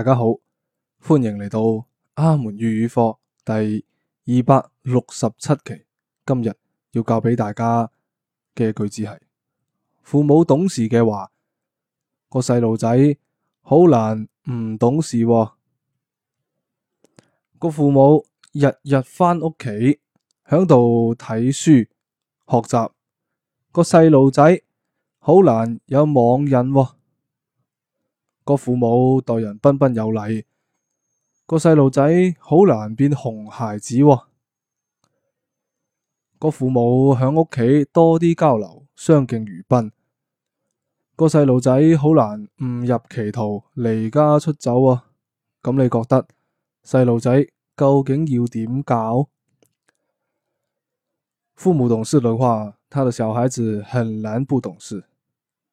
大家好，歡迎嚟到阿門粵語課第二百六十七期。今日要教俾大家嘅句子係：父母懂事嘅話，個細路仔好難唔懂事喔。個父母日日返屋企響度睇書學習，個細路仔好難有網癮喔。個父母待人彬彬有禮，個細路仔好難變熊孩子喔。個父母響屋企多啲交流，相敬如賓，個細路仔好難誤入歧途、離家出走喔。咁你覺得細路仔究竟要點教？父母懂事嘅話，他的小孩子很難不懂事。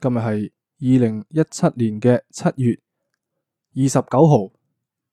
今日係二零一七年嘅七月二十九號，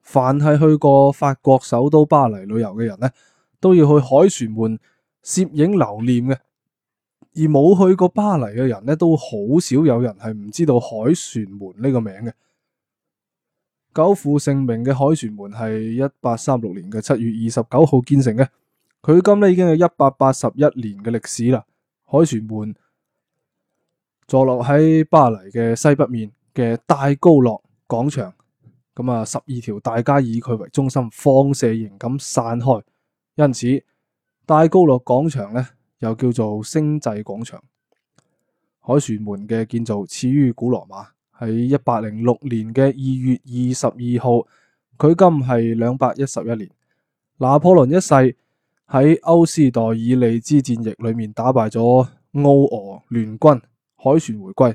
凡係去過法國首都巴黎旅遊嘅人呢，都要去凱旋門攝影留念嘅。而冇去過巴黎嘅人呢，都好少有人係唔知道凱旋門呢個名嘅。久負盛名嘅凱旋門係一八三六年嘅七月二十九號建成嘅，佢今呢已經有一百八十一年嘅歷史啦。凱旋門。坐落喺巴黎嘅西北面嘅戴高樂廣場，咁啊，十二條大街以佢為中心放射型咁散開，因此戴高樂廣場咧又叫做星際廣場。凱旋門嘅建造始於古羅馬，喺一八零六年嘅二月二十二號。距今係兩百一十一年。拿破崙一世喺歐斯代爾利茲戰役裏面打敗咗歐俄聯軍。海船回歸，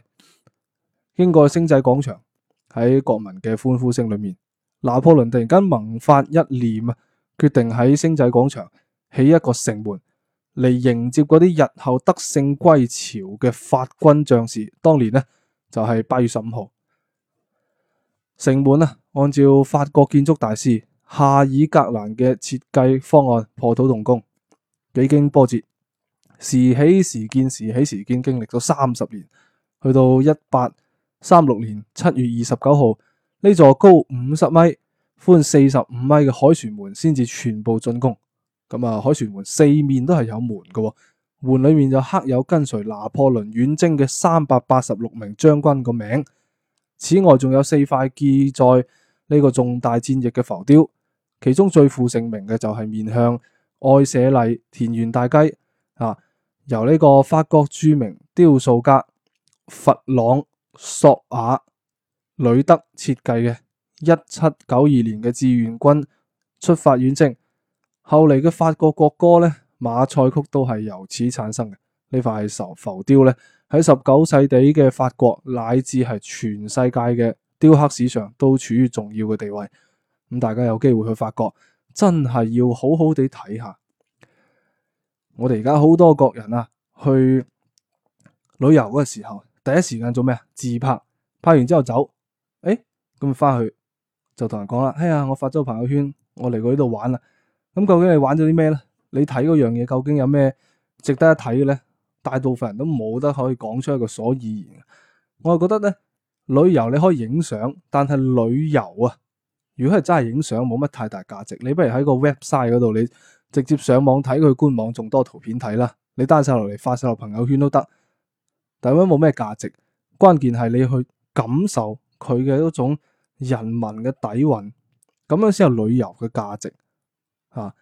經過星仔廣場喺國民嘅歡呼聲裏面，拿破崙突然間萌發一念啊，決定喺星仔廣場起一個城門嚟迎接嗰啲日後得勝歸朝嘅法軍將士。當年呢就係、是、八月十五號，城門呢，按照法國建築大師夏爾格蘭嘅設計方案破土動工，幾經波折。時起時建，時起時建，經歷咗三十年，去到一八三六年七月二十九號，呢座高五十米、寬四十五米嘅凱旋門先至全部竣工。咁啊，凱旋門四面都係有門嘅，門裏面就刻有跟隨拿破崙遠征嘅三百八十六名將軍個名。此外，仲有四塊記載呢個重大戰役嘅浮雕，其中最負盛名嘅就係面向愛舍麗田園大街啊。由呢個法國著名雕塑家，弗朗索瓦呂德設計嘅一七九二年嘅志願軍出發遠征，後嚟嘅法國國歌咧馬賽曲都係由此產生嘅。呢塊係浮雕咧，喺十九世紀嘅法國乃至係全世界嘅雕刻史上都處於重要嘅地位。咁大家有機會去法國，真係要好好地睇下。我哋而家好多國人啊，去旅遊嗰個時候，第一時間做咩啊？自拍，拍完之後走，誒、哎，咁翻去就同人講啦，哎呀，我發咗個朋友圈，我嚟過呢度玩啦、啊。咁、嗯、究竟你玩咗啲咩咧？你睇嗰樣嘢究竟有咩值得一睇嘅咧？大部分人都冇得可以講出一個所以然。我係覺得咧，旅遊你可以影相，但係旅遊啊。如果係真係影相冇乜太大價值，你不如喺個 website 嗰度，你直接上網睇佢官網仲多圖片睇啦。你 download 落嚟，發晒落朋友圈都得，但係咁樣冇咩價值。關鍵係你去感受佢嘅嗰種人民嘅底蘊，咁樣先有旅遊嘅價值。吓、啊，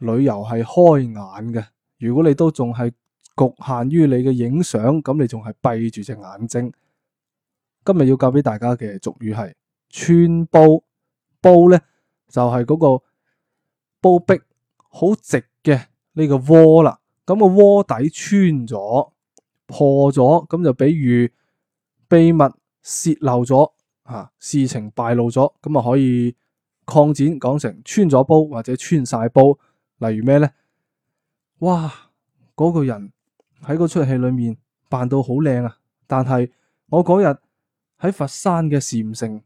旅遊係開眼嘅。如果你都仲係局限於你嘅影相，咁你仲係閉住隻眼睛。今日要教俾大家嘅俗語係穿煲。煲咧就係嗰個煲壁好直嘅呢個鍋啦，咁、這個鍋底穿咗破咗，咁就比喻秘密洩漏咗啊，事情敗露咗，咁啊可以擴展講成穿咗煲或者穿晒煲。例如咩咧？哇，嗰、那個人喺嗰出戲裏面扮到好靚啊，但係我嗰日喺佛山嘅禪城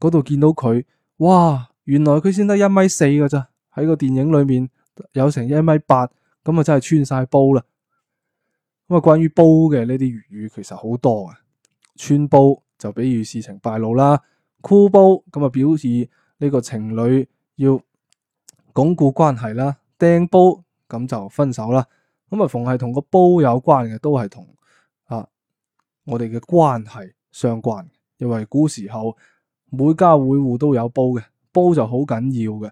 嗰度見到佢。哇，原來佢先得一米四嘅咋，喺個電影裏面有成一米八，咁啊真係穿晒煲啦。咁啊關於煲嘅呢啲粵語其實好多啊，穿煲就比喻事情敗露啦，箍煲咁啊表示呢個情侶要鞏固關係啦，掟煲咁就分手啦。咁啊逢係同個煲有關嘅都係同啊我哋嘅關係相關，因為古時候。每家每戶都有煲嘅，煲就好緊要嘅，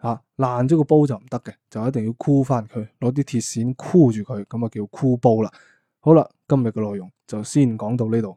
嚇、啊、爛咗個煲就唔得嘅，就一定要箍翻佢，攞啲鐵線箍住佢，咁啊叫箍煲啦。好啦，今日嘅內容就先講到呢度。